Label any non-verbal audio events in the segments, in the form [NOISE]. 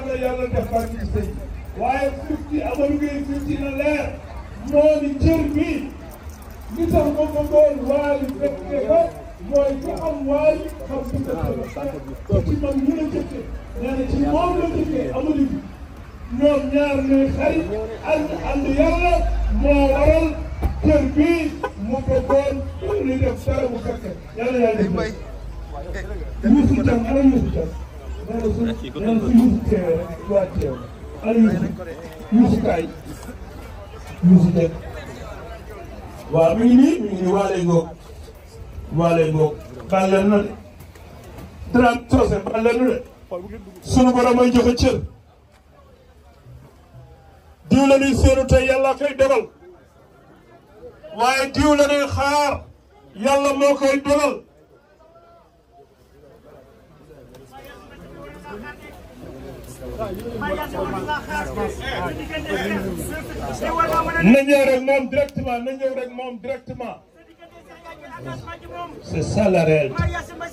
yal na yàlla def barke sëy waaye suuf si Amadou Gueye suuf si na leer moo di cër bi li tax ma ko doon waali fekke ba mooy ku am waali xam bu ko ci man mën a jëkkee nee na ci moom la jëkkee Amadou bi ñoom ñaar ñooy xarit ànd ànd yàlla moo waral kër bi mu ko doon li def dara mu fekke yàlla yàlla def Youssou Thiam ana Youssou Thiam nee na su nee na su Youssou teewee rek ñu waat teew ana Youssou Youssou kaay Youssou teg ngi nii mi ngi nii waa lay ngoog waa lay na de dara toose baal leen na de sunu waaye diw xaar yàlla moo koy dogal na ñëw rek moom directement na ñëw rek moom directement. c'est ça la réalité. c'est ça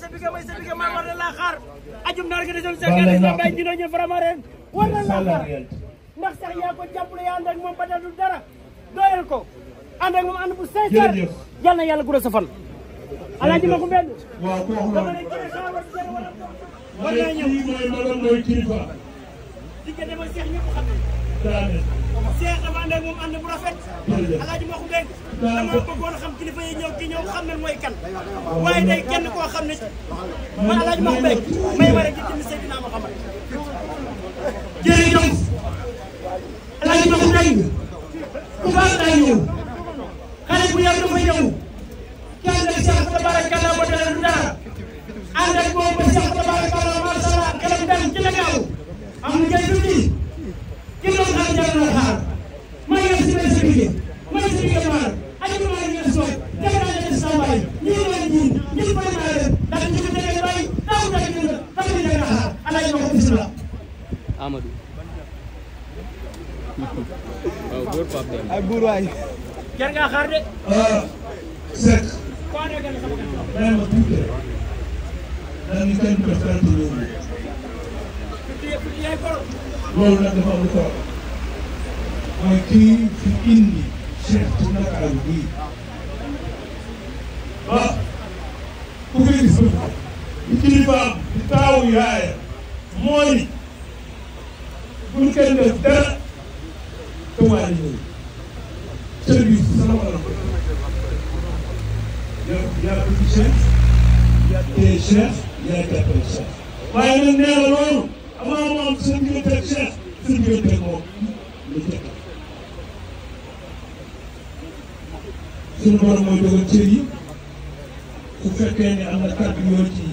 la réalité. ndax sax yaa ko jàppale yaa ànd ak moom ba dalul dara doyal ko ànd ak moom ànd bu sincère yal na yàlla guddal sa fan alaaji ma ko benn waaw ko wax na wala ñëw mooy madame mooy kilifa diggante mooy Cheikh ñëpp xam nañu. Cheikh dafa ànd ak moom ànd bu rafet. alaaji ma ko dégg. dama bëggoon xam kilifa yi ñëw ki ñëw xam nañ mooy kan. waaye day kenn koo xam ne man alaaji ma ko dégg may waree ci tamit Seydina Muhammad. jërëjëf alaaji ma ko dégg ku baax day ñëw xale bu yar dafa ñëw. ànd ak Cheikh tabarakallah ba dara du dara ànd ak moom ba Cheikh tabarakallah macha allah kanam dem ci Dakar am na jaay tuuti ki doon xaar jaay doon xaar man yaa si benn sécurité man si biir maanaam ay maa ngi leen soog def naa leen si saa waay ñu ngi leen jiin ñu ngi bëri naa leen ndax ñu ngi déggee bay daaw daal ñu ngi dafa ñu dégg xaar ala ñu ko bisimilah. Amadou. waaw góor Pape Demba. ak góor waay. jar ngaa xaar de. Seck. ren ma tuuti. daal di kenn def kenn du loolu nag dafa am lu ko waral mooy kii fi indi Cheikh ci Ndakaaru bii ba ku fi gis bëgg di kilifaam di taawu yaaya mooy buñ kenn def dara te waa ji ñëw cër bi si sama la ko yaa yaa ko ci Cheikh yaa tee Cheikh yaa jàppale Cheikh waaye nag nee avant mu am seen digganteeg Cheikh seen digganteeg moom lu jëkk suñu borom mooy dogal cër yi su fekkee ne am na kàddu yoo ci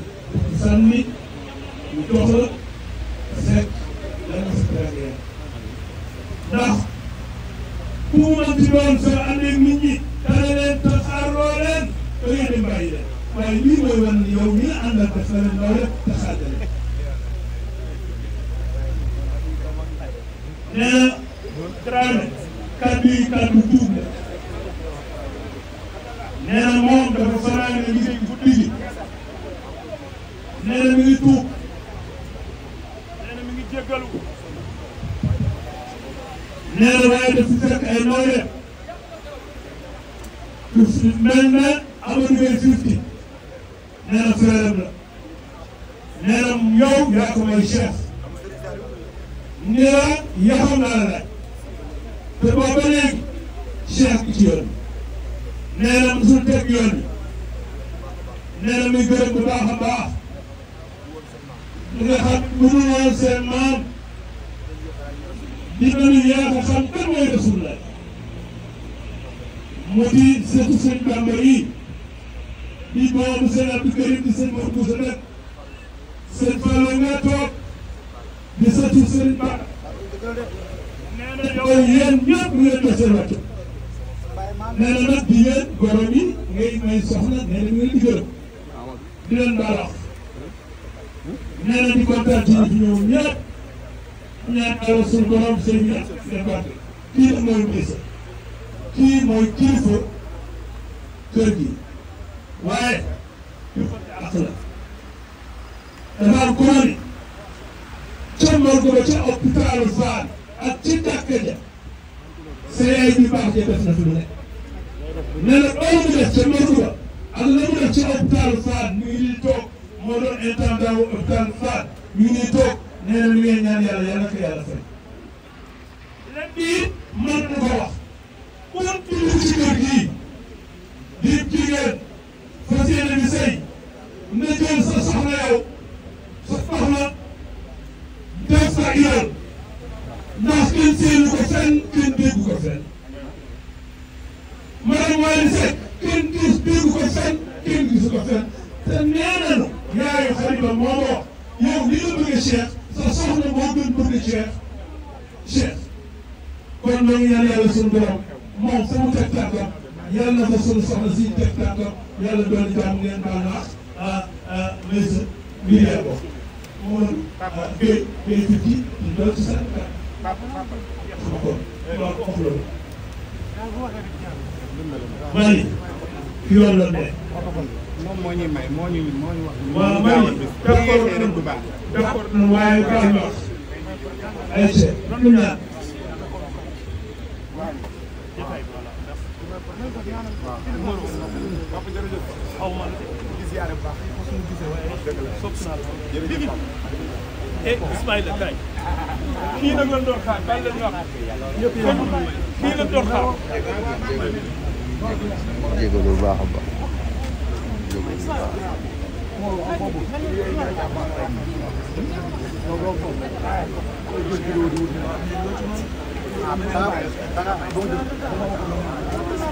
sànni ñu dox la fekk la nga si traité ndax ku man di doon soo àndee ak nit ñi tane leen taxaaroo leen da ngeen di bàyyi leen waaye lii mooy wan yow mi la àndal def na leen loolee taxaar nee na kaddu yi kaddu suuf Serigne Bara nee na yow yéen ñëpp ngeen ko seen wàcc nee na nag di yéen gorom yi ngay may soxna nee na ngeen di gërëm di leen baal wax nee na di kontaan ci ñi fi ñëw ñëpp ñaan yàlla suñu borom sëriñ bi seen bàtt kii nag mooy mbisa kii mooy kilifa kër gi waaye kilifa ak la dafa am kuréel ca morgue ba ca hôpitalu Fann a ca jàkka ja CA bi baax ja def na fi ne nee na ba ca morgue ba ak la mu def ca hôpitalu Fann mi ngi nii toog moo doon intendant wu hôpitalu Fann mi ngi nii toog nee na li ngeen ñaan yàlla yàlla ko yàlla fay. ren bii mën na ko wax kon dugg ci kër gii di jigéen fas yéene bi sëy na sa soxna yow sa soxna. mas a yoon ndax kenn seenu ko fenn kenn déggu ko fenn madame Waly Seck kenn gis déggu ko fenn kenn gisu ko fenn te nee nañu yaayu Xalifa moo ma wax yow li nga bëgg a Cheikh sa soxna moo gën bëgg Cheikh Cheikh kon ñoo ngi ñaan yàlla suñu borom moom fu mu teg tànkam ko mu mën a bé bénéfice di doon ci sa kàddu sama ko eh. loolu wax loolu. ma ni fi yoon la ne. moom moo ñuy may moo ñu moo ñu wax. waaw ma ni d'accord nañu d'accord nañu waaye baax na wax. ay seet lu ñaan. waaw. xaw ma di ziare bu baax. eh Ismaïla kay kii nag la door xaar bàyyi la ñu wax kii la door xaar jégalu bu baax a baax jégalu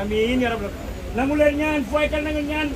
amiin ya rabbal aalamiin nangu leen ñaan fooy kal na nga ñaan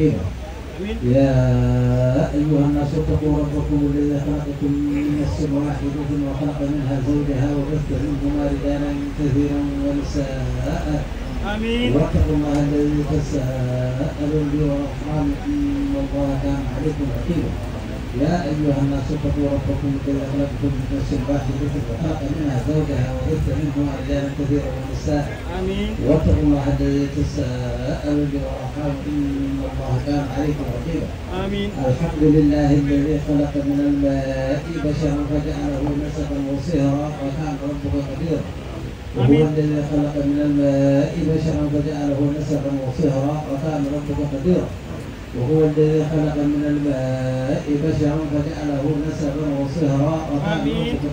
يا أيها الناس اتقوا ربكم الذي خلقكم من نفس واحدة وخلق منها زوجها وبث منهما رجالا كثيرا ونساء آمين واتقوا الله الذي تساءلون به والأرحام إن الله كان عليكم رقيبا يا أيها الناس اتقوا ربكم الذي خلقكم من نفس واحدة وخلق منها زوجها وبث منهما رجالا كثيرا ونساء آمين واتقوا الله الذي تساءلون به والأرحام إن الله كان عليكم رقيبا آمين الحمد لله الذي خلق من الماء بشرا فجعله نسبا وصهرا وكان ربك قديرا وهو الذي خلق من الماء بشرا فجعله نسبا وصهرا وكان ربك قديرا وهو الذي خلق من الماء بشرا فجعله نسبا وصهرا وكان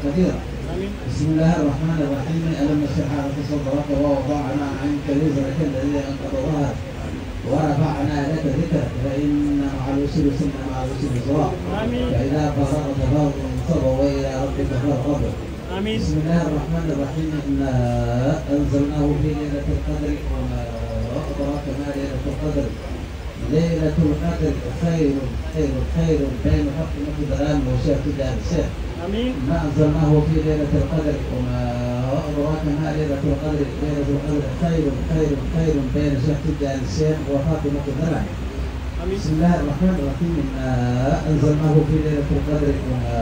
قديرا. بسم الله الرحمن الرحيم ألم نشرح لك صدرك ووضعنا عنك وزرك الذي أنقض ظهرك ورفعنا لك ذكرك فإن مع العسر سنة مع العسر يسرا فإذا فرغت فارغ انصب وإلى ربك فارغب بسم الله الرحمن الرحيم إنا أنزلناه في ليلة القدر وما اقدرك ما ليلة القدر ليلة القدر خير خير خير بين حق مقدران وشاهد الشيخ امين ما انزلناه في ليلة القدر وما ادراك ما ليلة القدر ليلة القدر خير خير خير بين شاهد الشيخ وفاطمة مقدران بسم الله الرحمن الرحيم إنا أنزلناه في ليلة القدر وما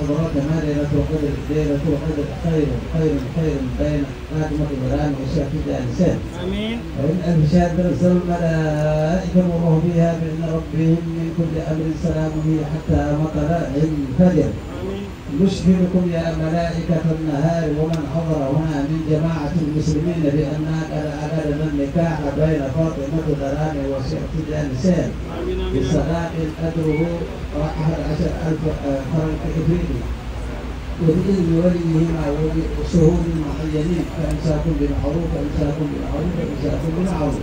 أدراك ما ليلة القدر ليلة القدر خير خير خير بين آدم وإبراهيم وشاكيد إنسان آمين وإن أبشار تنزل الملائكة والروح فيها بإذن ربهم من كل أمر سلام هي حتى مطلع الفجر نشهدكم يا ملائكة النهار ومن حضر هنا من جماعة المسلمين بأن قد أبدنا النكاح بين فاطمة دران وشيخ جانسان بصلاة قدره أحد عشر ألف فرنك إبريلي وبإذن وليهما وبشهور معينين فإن بمعروف وإمساكم فإن وإمساكم بالمعروف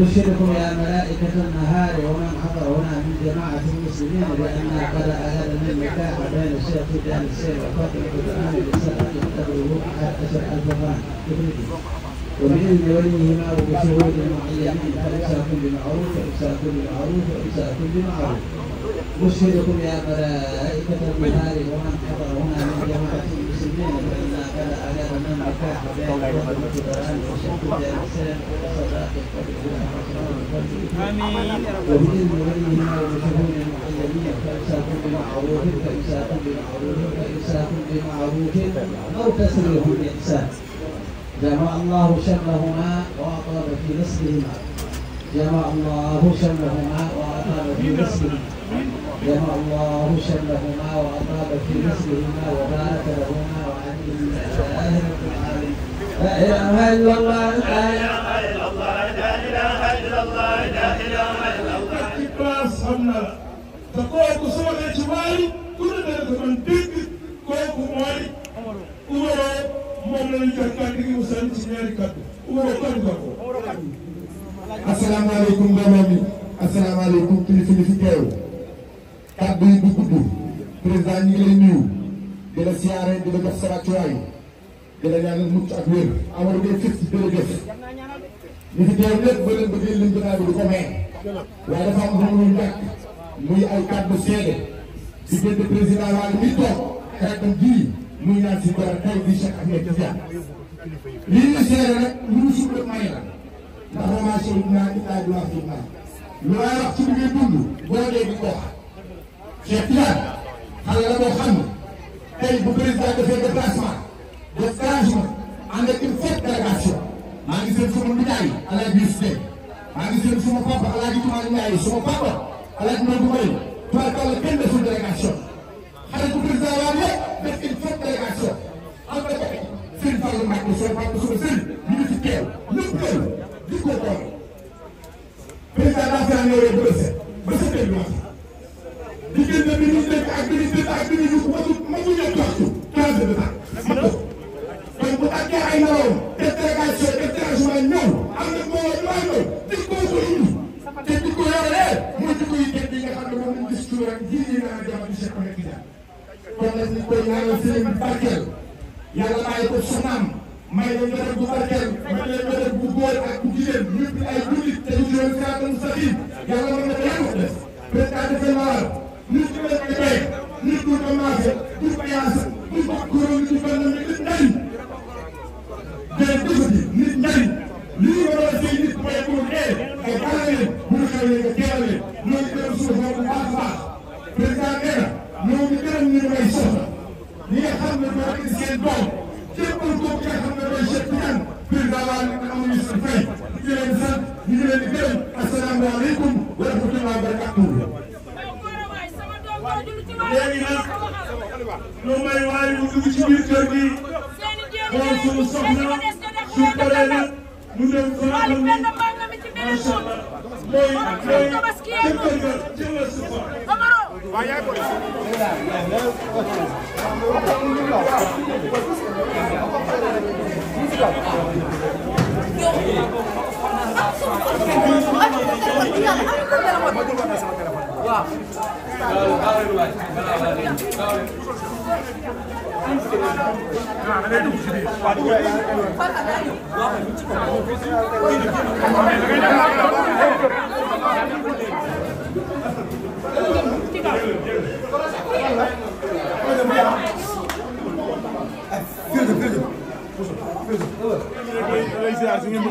نشهدكم يا ملائكة النهار ومن حضر هنا من جماعة المسلمين بأن قد أهل من متاع بين الشيخ سفيان السير وفاطمة الآن بسبعة تبلغ أحد عشر ألف فرع وبإذن وليهما وبشهود معينين فإمساك بمعروف معروف بمعروف كل بمعروف نشهدكم يا ملائكة النهار ومن حضر هنا من جماعة المسلمين بأن آمين ومن المؤمنين والمسلمين المحللين فإمساكم بمعروف فإمساكم بمعروف فإمساكم بمعروف أو تسريح بإحسان جمع الله شرهما وأطاب في نصرهما جمع الله شرهما وأطاب في نصرهما جمع الله شرهما وأطاب في نصرهما وبارك لهما إله إلا الله لا إله إلا الله لا إله إلا الله لا إله إلا الله استقرار سمنا تقوى سمنا جواري كل ذلك من دق كوي كماري أورو ممن يجتاك يوصل تنياري كاتو أورو كاتو كاتو asalaamaaleykum mbooloo mi asalaamaaleykum kilifa yi fi teew kàddu yi du gudd président ñu ngi lay nuyu di la siyaare di la jox sa wàccuwaay di la ñaanal ak wér Amadou Gueye fii ci jërëjëf ñu fi teew lépp ba leen bëggee liñ dinaa bi du ko waaye dafa am xam lu muy ay kàddu seede ci diggante président Wade mi toog xaritam ji muy naan si dara tey di Cheikh Ahmed Tidiane lii ñu seede nag lu ñu suuf rek may la ndax vraiment Cheikh naa dinaa di wax dinaa lu may wax ci li ngay dund boo dee di ko wax Cheikh Tidiane xale la boo xam tey bu président defee déplacement def dérangement ànd ak une forte délégation maa ngi seen sama nijaay Alaaji Yusuf Tey maa ngi seen sama papa Alaaji Tumaan Njaay sama papa Alaaji Maodo Mbay tubaarkàlla kenn deful délégation xale bu président waa lépp def une forte délégation am na ko Sëriñ Fallu Mbàkke sama papa sama sëriñ ñu ngi fi teew lépp teew di ko toog président daa fi naan yore ba sa ba sa tey bi wax diggante bi ñu dëkk ak bi ñu dëkk ak bi ñu place de départ mat na ko kon bu tàggee ay naroon def délégation def dérangement ñëw am na mbooloo ñu waay ñëw dikkoo ko indi te dikkoo yoree mooy dikkoo yi tedd yi nga xam ne moom lañ gis ci loolu rek ji nii naa jàpp di Cheikh Ahmed Tidiane kon nag ñu koy ñaanal sëriñ barkeel yàlla bàyyi ko soxnaam may leen njëriñ bu barkeel may leen njëriñ bu góor ak bu jigéen ñëpp ay jullit te ñu jël siraatal mustaqiim yàlla mën na ko yàlla def président de fédéral nit ku nekk di bay nit ku ko maase nit ko yaasa Ousmane Kouroune ci benn nit njariñ day dugg ci nit njariñ lii waral say nit mooy bu dee nga gàllale bu ñu xewlee nga teelale ñoo ngi gërëm suñu bopp bu baax a baax président nee na ñoo ngi gërëm ñu may soxla ñi nga xam ne seen doom képpal kooku nga xam ne mooy Cheikh Tidiane président waa nit ñi amuñu seen fay ñu ngi leen di sant ñu ngi leen di gërëm asalaamaaleykum wa rahmatulah léegi nag lu may waay mu dugg ci biir kër gi doon suñu soxna su paree nag mu dem fa nga xam ni macha allah mooy mooy jëkkër nga jëlal sa fa. Président, président,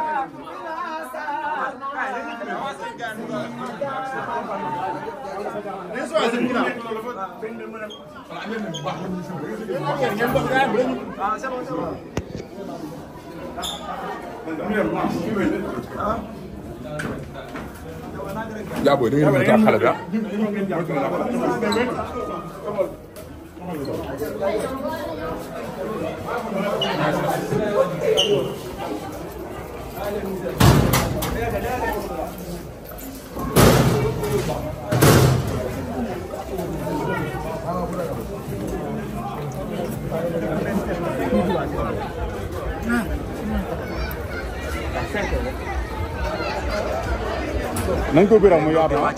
呀，不会，那边没人打，好了吧？não gobe da mu ya ba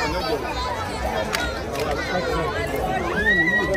Thank you.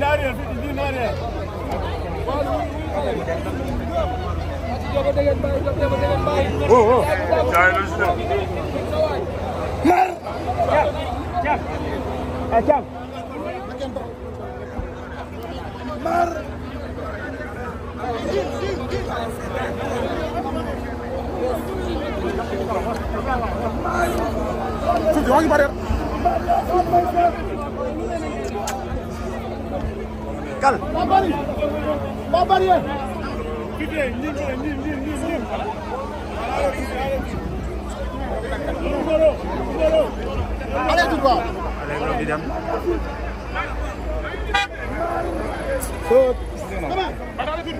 dinari, 50 dinari. Jaga dengan baik, jaga dengan baik. Oh, oh. Jangan lupa. Mar. Jam, jam. Eh, jam. Mar. Sudah lagi, Pak. kal babari babari Allez tout droit. Allez, on dit dame. Saute. Comment? Attendez tout.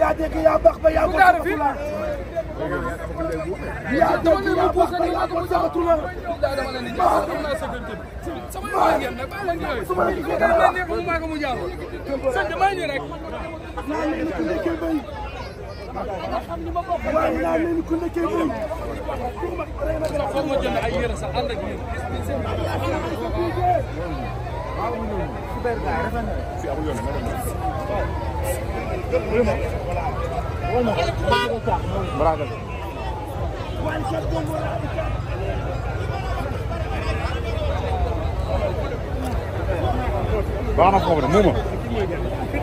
yaa dégg yaa baax ba yaa bokk ci la. yaa dégg yaa baax ba yaa bokk ci la. waaye naa leen ku nekkee bay. waaw. baax na foofu de muuma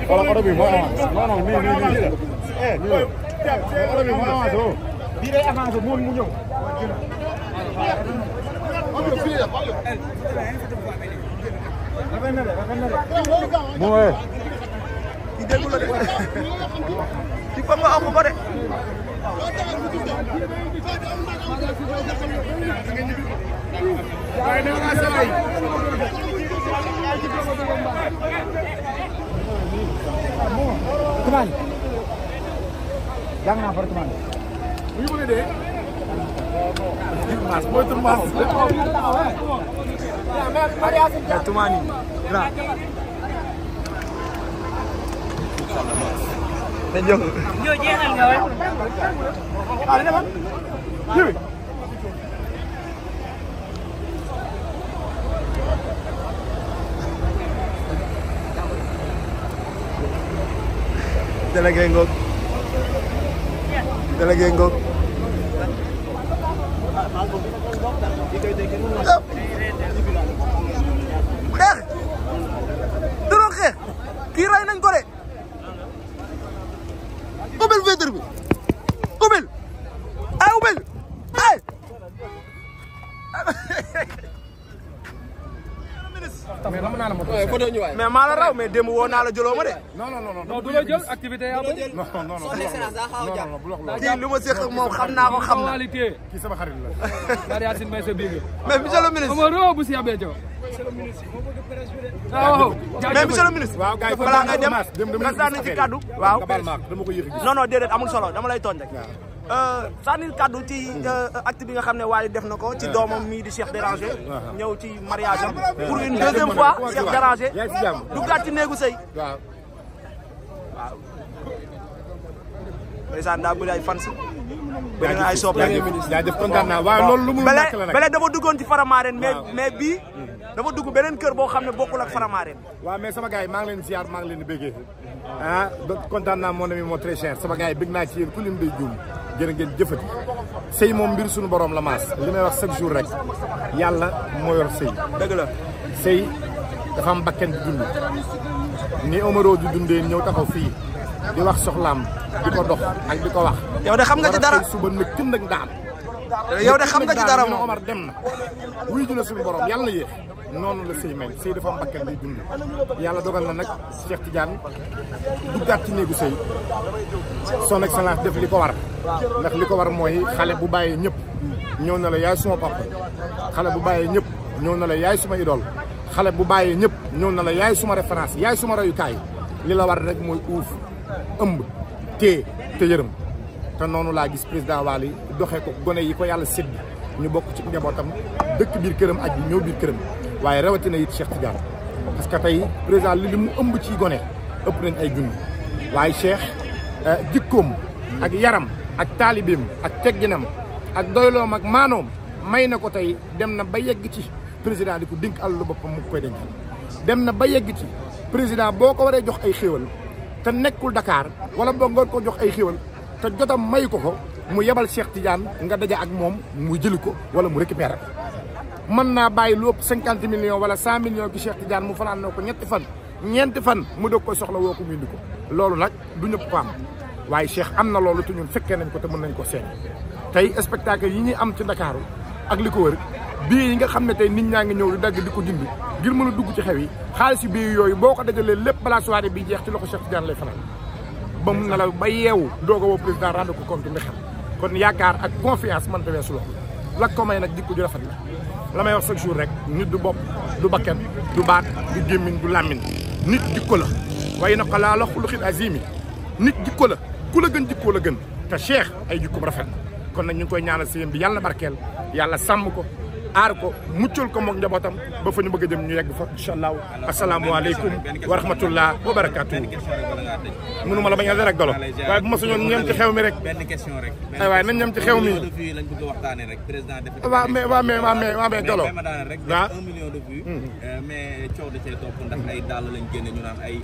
wala oto bi moo avancé non non nii nii nii eh oto bi moo avancé woo bii day avancé moom mu ñëw mooy. kii déggu la de. kii foog nga aw ko de. Tumaan. jàng naa far tumaan. bu ñu bëggee dee. mooy tumaan. Tumani. Là. Nên dừng. Dưa dê là người. À đến đây bắn. Dư. Dale gringo. Dale gringo. da doon xeex kii rey nañ ko de ubbil vitre bi ubbil ay ubbil ay mais dama naa la moto mais maa la raw mais démb woo naa la jëloo ma de. non non non non du la jël activité yaa bëri. non non non non kii lu ma seq ak xam naa ko xam na. kii la. [LAUGHS] mais monsieur le ministre. Ah, oh, oh. mais monsieur le ministre. waaw gars yi balaa ngay dem nga sànni ci kaddu. waaw non non déedéet amul solo dama lay euh, hmm. euh, bi nga xam ne Wally def na ko ci hmm. doomam mii di Cheikh Déranger. ñëw ci mariage am. Hmm. pour une deuxième fois Cheikh Déranger. duggaat ci néegu sëy. waaw. waaw. ndeysaan daa bëri ay fans. dama dugg benen keur bo xamne bokul ak Faramareen wa mais sama gars ma ngi len ziar ma ngi len beggé béggee ah kontaan naa mon ami moo très cher sama gars yi na ci yeen kulim lim djum juum jërë ngeen jëfati sëy moom mbir suñu borom la maas limay wax chaque jour rek yalla mo yor sey deug la sey dafa am bakken du dund ni Omaro du dundé ñew taxaw fi di wax soxlam di ko dox ak di ko wax yow de xam nga ci dara suba nek tën nag ndaan yow de xam nga ci dara mo Omar dem na wuy ji na suñu borom yalla na noonu la sëy mel sëy dafa am bakkan bi yàlla dogal na nag Cheikh Tidiane duggaat ci néegu sëy son excellence def li ko war ndax li ko war mooy xale bu bàyyee ñëpp ñëw na la yaay suma papa xale bu bàyyee ñëpp ñëw na la yaay suma idole xale bu bàyyee ñëpp ñëw na la yaay suma référence yaay suma royukaay li la war rek mooy uuf ëmb tée te yërëm te noonu laa gis président Waly doxee ko gone yi ko yàlla sédd ñu bokk ci njabootam dëkk biir këram aj bi ñëw biir waaye rawatina it Cheikh Tidiane parce que tey président li mu ëmb ci gone ëpp nañ ay junni waaye Cheikh jikkoom ak yaram ak taalibeem ak tegginam ak doyloom ak maanoom may na ko dem na ba yegg ci président di ko àllu boppam mu koy dencal dem na ba yegg ci président boo ko waree jox ay xéewal te nekkul Dakar wala boo nga ko jox ay xéewal te jotam may ko ko mu yebal Cheikh Tidiane nga daja ak moom mu jëli ko wala mu récupérer man na bàyyi lu 50 millions wala 100 millions gi Cheikh Tidiane mu fanaan na ñetti fan ñenti fan mu doog ko soxla woo ko mu lolu nak duñu ko am waaye Cheikh amna lolu loolu te ñun fekkee nañ ko te mën nañ ko seen tay spectacle yi ñi am ci dakaru ak liko wër bi yi nga xamne tay nit ñaa ñew lu dag diko dindi ngir dugg ci xew yi xaalis bii yooyu boo ko dajalee lépp balaa bi jeex ci loxo Cheikh Tidiane lay fanaan ba mu na la ba yew dogo wo président ko compte kon yakar ak confiance man tawé su lo la ko may nak diko ju rafet la la may wax chaque jour rek nit du bopp du bakkan du baat du gémmiñ du làmmiñ nit jikko la waaye na ko laa la xuluxit azimi nit jikko la ku la gën jikkoo la gën te Cheikh ay jikkoom rafet kon nag ñu ngi koy ñaanal sëñ bi yàlla barkeel yàlla sàmm ko aar ko muccul ko moog njabootam ba fa ñu bëgg a jëm ñu yegg fa incha allahu asalaamualeykum wa rahmatullah wa barakaatu. mënu ma la bañ a dara rek waaye bu ma soñoon ñem ci xew mi rek. benn question rek. waaye nañ ñem ci xew mi. lañ bëgg a waxtaanee rek président def. waaw mais waaw mais waaw mais mais golo. waaw un million mm-hmm. euh, da cee lañ génne ñu naan ay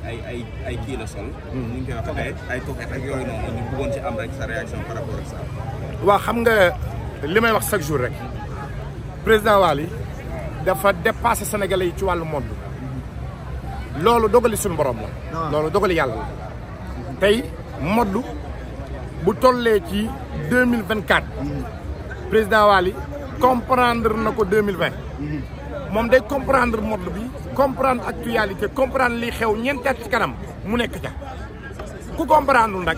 ay kii la sol. Mm-hmm. ñu ngi koy waxee ay toxet sa réaction xam nga li may wax chaque jour rek. président Wali, dafa dépassé sénégalais ci wàllu monde lolu dogali sun borom la ah. lolu dogali yalla la tey moddu bu tollé ci 2024 président Wali, comprendre nako 2020. mom day comprendre moddu bi comprendre actualité comprendre li xew ñeenti at ci kanam mu nekk ja ku comprendre nak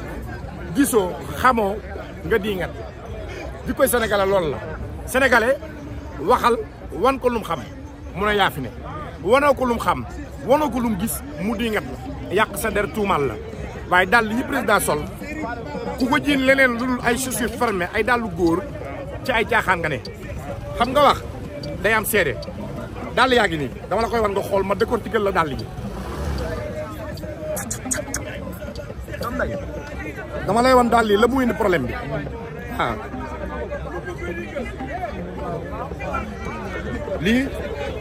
gisso xamo nga di ngat di koy sénégalais loolu la sénégalais waxal wan ko lum xam mu ne yaa fi ne wanoo lum xam lum gis mudi ngat la sa der tuumal la waaye dàll yi président sol ku ko jiin leneen lu ay chaussures fermées ay dàllu góor ci ay caaxaan nga ne xam nga wax day am seede dàll yaa ngi dama la koy wan nga xool ma décortiquer la dàll yi dama lay wan dàll yi la muy indi problème bi lii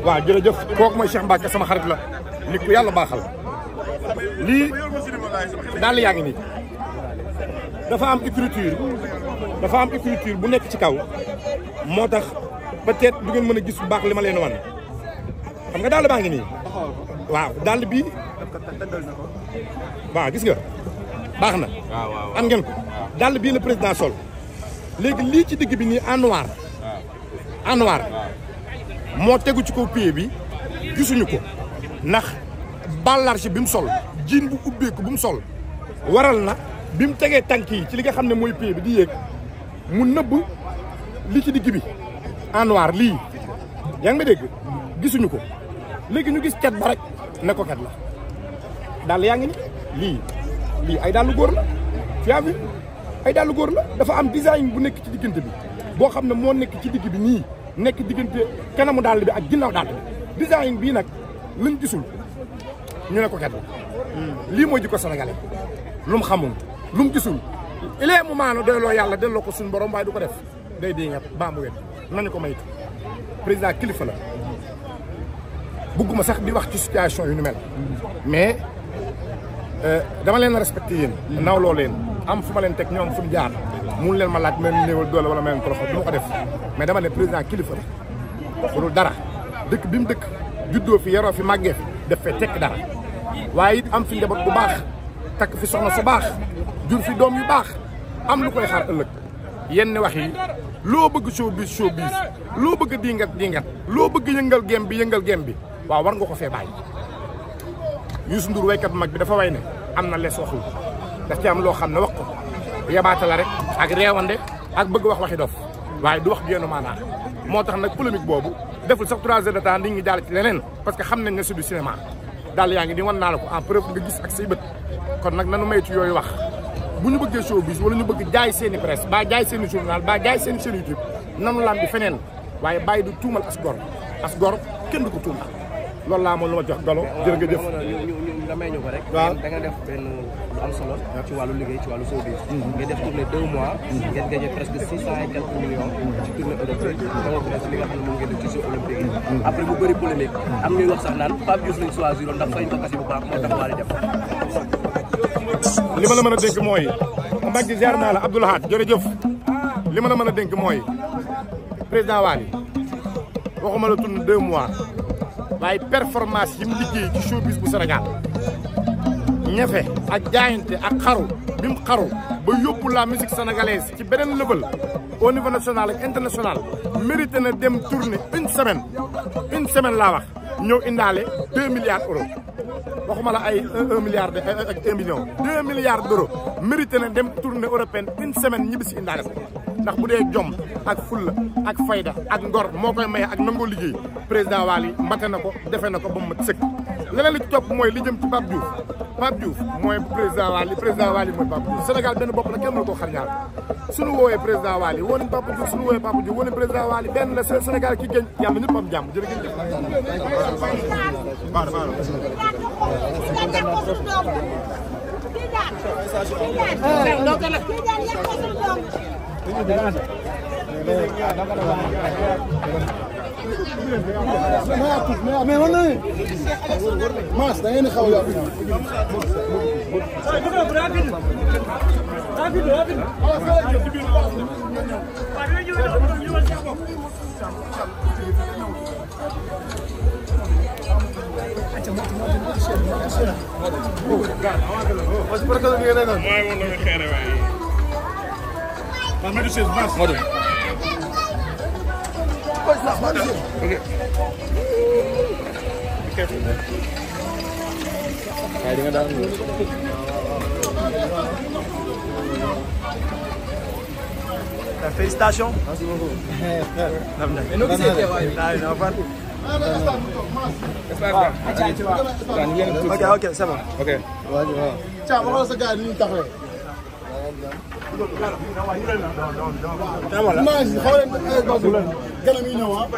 waaw jërëjëf kok moy Cheikh Mbacke sama xarit la nit ko yalla baxal li dal yaa ni dafa am écriture dafa am écriture bu nek ci kaw motax peut-être du ngeen meuna gis bu baax li ma leen wan xam nga dal baangi ni waaw dal bi ba gis nga baxna am ngeen ko dal bi le président sol léegi li ci digg bi ni en noir en noir moo tegu ci ko pied bi gisuñu ko ndax ballarge bi mu sol jiin bu ubbeeku bu mu sol waral na bi mu tegee tànk yi ci li nga xam ne mooy pied bi di yéeg mu nëbb li ci digg bi en lii yaa ngi ma dégg gisuñu ko léegi ñu gis cat ba rek ne ko cat la dàll yaa ngi ni lii lii ay dàll góor la tu as vu ay daalu góor la dafa am design bu nekk ci diggante bi boo xam ne moo nekk ci digg bi nii nekk diggante kenamu dàll bi ak ginnaaw dàll bi design bii nag luñ gisul ñu ne ko ket la hmm. lii mooy jikko sénégalais lu mu xamul lu mu gisul ilee mu maano doyloo yàlla delloo ko suñu borom waaye du ko def day dee nga baa mu wet nañu ko maytu président kilifa la bugguma sax di wax ci situation yu nu mel mais euh, dama leen respecté yéen hmm. nawloo leen am fu ma leen teg ñoom fu mu jaar mun leen ma laaj mel néewal doole wala mel toroxal du ma ko def mais dama ne président kilifa la xulul dara dëkk bi mu dëkk juddoo fi yaroo fi màggee fi def fee tekk dara waaye it am fi njaboot bu baax takk fi soxna su baax jur fi doom yu baax am lu koy xaar ëllëg yenn wax yi loo bëgg showbiz showbiz loo bëgg dingat dingat loo bëgg yëngal gem bi yëngal gem bi waaw war nga ko fee bàyyi Youssou Ndour waykat mag bi dafa way ne am na lees waxul daf ci am loo xam ne wax ko yabaata la rek ak reewande ak bëgg wax waxi dof waaye du wax génn maanaa moo tax nag polémique boobu deful sax trois de temps nit ñi daal ci leneen parce que xam nañ ne c'est du cinéma daal yaa ngi di wan naa la ko en preuve nga gis ak say kon nag nanu maytu yooyu wax bu ñu bëggee showbiz wala ñu bëgg jaay seen i presse jaay seen i journal jaay seen i chaîne nanu lam bi feneen waaye bàyyi du tuumal as gor as gor kenn du ko tuumal loolu nga may ñu ko rek. waaw nga def benn lu solo. ci wàllu liggéey ci wàllu showbiz. Mm-hmm. nga def tournée deux mois. Mm-hmm. ngeen gagné presque six cent et mm-hmm. li nga xam ne moom ngeen def ci jeux olympique yi. après mu bëri polémique. am ñuy wax sax naan Pape Diouf lañ choisir woon ndax fay kasi bu baax moo tax Wally def. li ma la a dénk mooy. Mbacke ziar naa la Abdoul Ahad jërëjëf. li ma a dénk mooy président Wally waxuma la tund deux mois. waaye performance yi mu liggéey ci showbiz bu Sénégal ñefe ak jaayante ak xaru bi mu xaru ba yóbbu la musique sénégalaise ci beneen level au niveau national ak international mérité na dem tourner une semaine une semaine laa wax ñëw indaale 2 milliards euros waxuma la ay 1 milliard ak 1 million 2 milliards d'euros mérité na dem tourner européenne une semaine ñibbi si indaale ko ndax bu jom ak fulla ak fayda ak ngor moo koy maye ak nangoo liggéey président Waly mate na ko defe na ko ba mu mat sëkk leneen li ci mooy li jëm ci Pape Diouf Pape Diouf mooy président Waly président benn bopp la kenn mënu koo xar ñaar suñu woowee président Waly woo nañ Pape Diouf suñu woowee Pape Diouf woo nañ président Waly benn la Sénégal ki gën yàlla ñëpp am jàmm mais man na Mass da ngeen di xaw a yàqu. Mas por que eu não me lembro? Vai, vamos lá, cara, vai. Mas não precisa, mas. Manda. boys now. Manage him. Okay. Be careful, man. Hiding it down. La félicitations. Ok, ok, c'est bon. Ok. Tiens, on va se garder une tafée. Tamam. Mas, halen, ganam yi ñëw ah.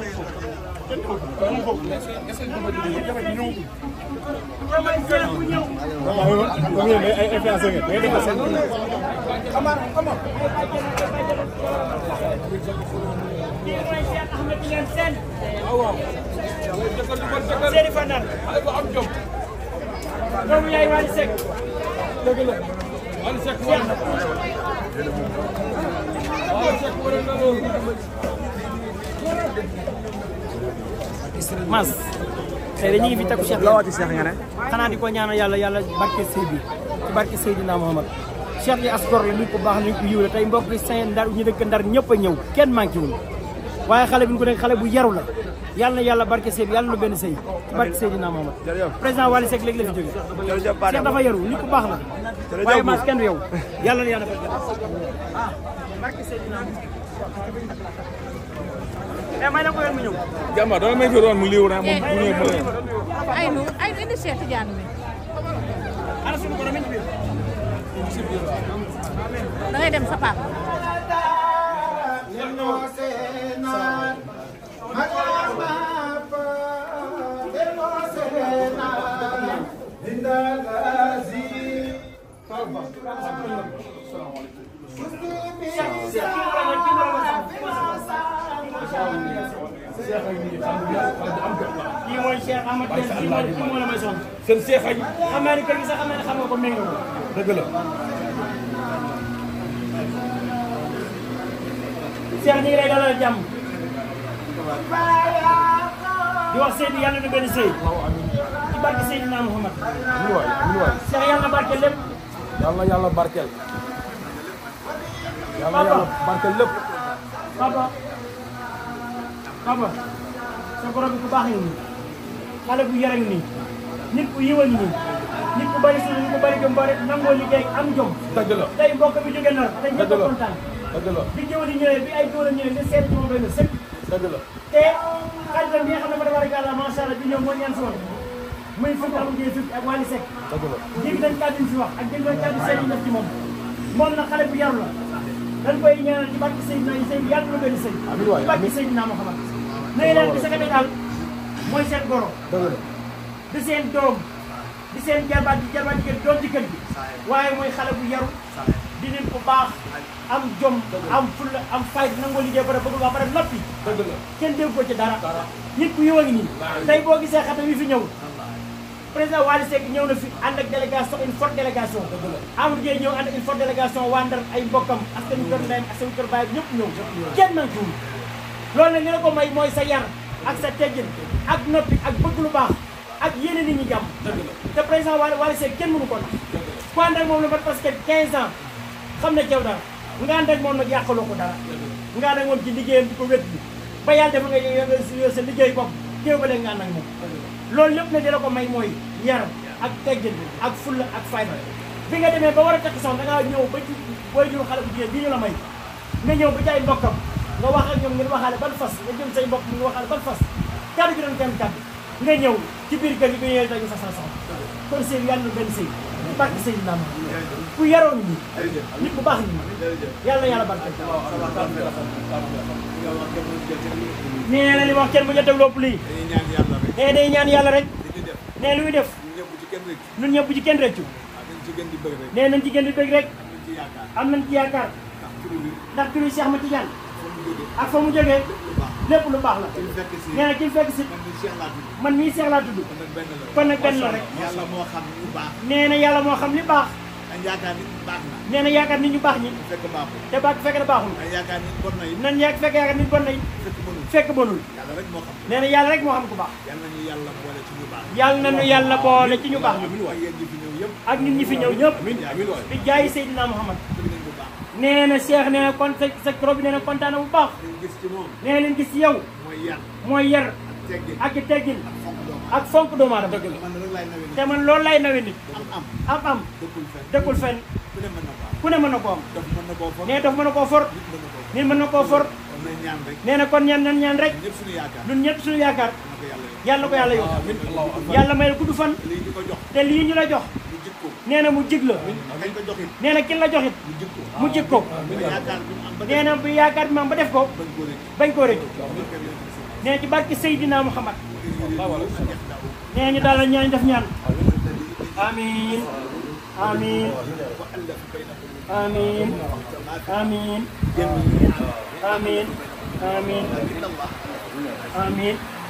mas tey dañu ngi fi takku Cheikh la waati Cheikh nga ne xanaa di ko ñaanal yàlla yàlla barke sëy bi ci barke Seydina Muhammad Cheikh yi askor yi nit ku baax nit ku yiw la tey mbokk yi sañ ndar ñu dëkk ndar ñëpp a ñëw kenn manqué wul waaye xale bi ñu ko xale bu yaru la yàlla na yàlla barke sëy bi yàlla na benn sëy ci barke Seydina Muhammad président Wally Seck léegi la fi jóge Cheikh dafa yaru nit ku baax la waaye mas kenn du yow yàlla na yàlla barke [LAUGHS] ah, Seydina jàmbaar dama may fi doon mu liw naa moom bu ñëwee mu leen. ay nu ay indi Cheikh Tidiane mi. da ngay dem sa papa. salaamaaleykum kii mooy siapa yang Diagne kii siapa yang moo la siapa yang seen Cheikh siapa yang naa ne siapa yang sax xam siapa yang xam nga siapa yang ko. dëgg siapa yang ñu ngi siapa yang jàmm. di siapa yang yàlla na siapa yang ci barke siapa yang ñu waay siapa yang Cheikh yàlla siapa yang lépp. yàlla siapa yang yàlla yàlla siapa yang papa. xam nga sa borom bu baax nii xale bu yarañ nii nit ku yiwañ nii nit ku bari suñu nit ku bari jom bari nangoo liggéey am jom. dëgg la tey mbokk bi jóge na dëgg la tey ñëpp kontaan. dëgg bi jëwali ñëwee bi ay góor a ñëwee te xaritam bi xam ne fa dafa rek àlla macha allah bi ñëw moo ñaan si woon muy fukki amul jee ak wàllu sek. dëgg la dégg si wax ak dégg nañ kàddu yi def ci moom moom na xale bu yaru la dañ koy a ci barke Seydina yi sëy yàlla na benn sëy ci barke Seydina Muhammad ngay daal di sa daal mooy seen goro. di seen doom di seen jarbaat di jarbaat di doom ci kër gi. waaye mooy xale bu yaru. di nit bu baax. am jom am fulla am fayda nangoo liggéey ba pare bëgg ba pare noppi. kenn dégg ko ci dara. nit ku yëwa ngi nii. tey boo gisee xatam yi fi ñëw. président Wally Seck ñëw na fi ànd ak délégation une forte délégation. Amadou Gueye ñëw ànd ak une forte waa Ndar ay mbokkam. askan wi kër ndeyam askan wi kër baayam ñëpp ñëw. kenn nangu loolu nag li ko may mooy sa yar ak sa teggin ak noppi ak bëgg lu baax ak yeneen nit ñi jàmm te président Wally Wally seet kenn mënu ko nax ku ànd ak moom la mat parce que xam ne jaw dara nga ànd ak moom nag yàqaloo ko dara nga ànd ak moom ci liggéeyam bu ko wét bi ba yàlla def nga yor sa liggéey bopp téew ba léegi loolu lépp nag di ko may mooy yar ak teggin ak fulla ak fayda bi nga demee ba war a takk sax da ñëw ba ci booy jur xale bu jigéen bi ñu la may nga ñëw ba jaay mbokkam nga wax ak ñoom ngeen waxaale ban fas nga jëm say mbokk nga waxaale ban fas kàddu gi doon kenn kàddu nga ñëw ci biir kër gi nga ñëwee dañu sa sa kon sëy yàlla benn sëy barke sëy ku yaroon nit bu baax barke li wax kenn bu ñu développe lii nee day ñaan yàlla rek nee luy def ñun ñëpp ci kenn rëccu nañ ci di bëgg rek am nañ ci yaakaar ndax Cheikh ma ak fa mu jógee lépp lu baax la nee na ki fekk si man mii seex laa tudd kon nag benn la rek nee na moo xam li baax nee na nit ñu baax ñi te baax fekk na baaxul nan yaak fekk yaakaar nit bon na it fekk bonul nee na yàlla rek moo xam ku baax yàlla nañu yàlla boole ci ñu baax ak nit ñi fi ñëw ñëpp bi Seydina Muhammad nee na Cheikh nee na kon sa sa trop bi nee na kontaan na bu baax. li gis ci moom. nee na li gis ci yow. mooy yar mooy yar. ak teggin ak fonk doomu aadama dëgg la te man loolu lay nawe nit am am dëkkul fenn ku ne mën na ko am ne daf mën na koo for nit mën na koo for nee na kon ñaan nan ñaan rek ñun ñëpp suñu yaakaar yàlla ko yàlla yow yàlla may la gudd fan te lii ñu la jox nee na mu jiglo la na kin la joxit ah, ah, mu jig ko na bu yaakar mam ba def ko bañ ko rek nee ci barki sayidina Muhammad nee ñu daal ñaan def ñaan amin amin amin amin amin amin amin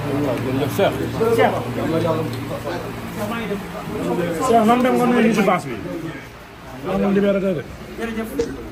waaw jërëjëf Cheikh. Cheikh. Cheikh nan dem nga nuyu ñu si bi.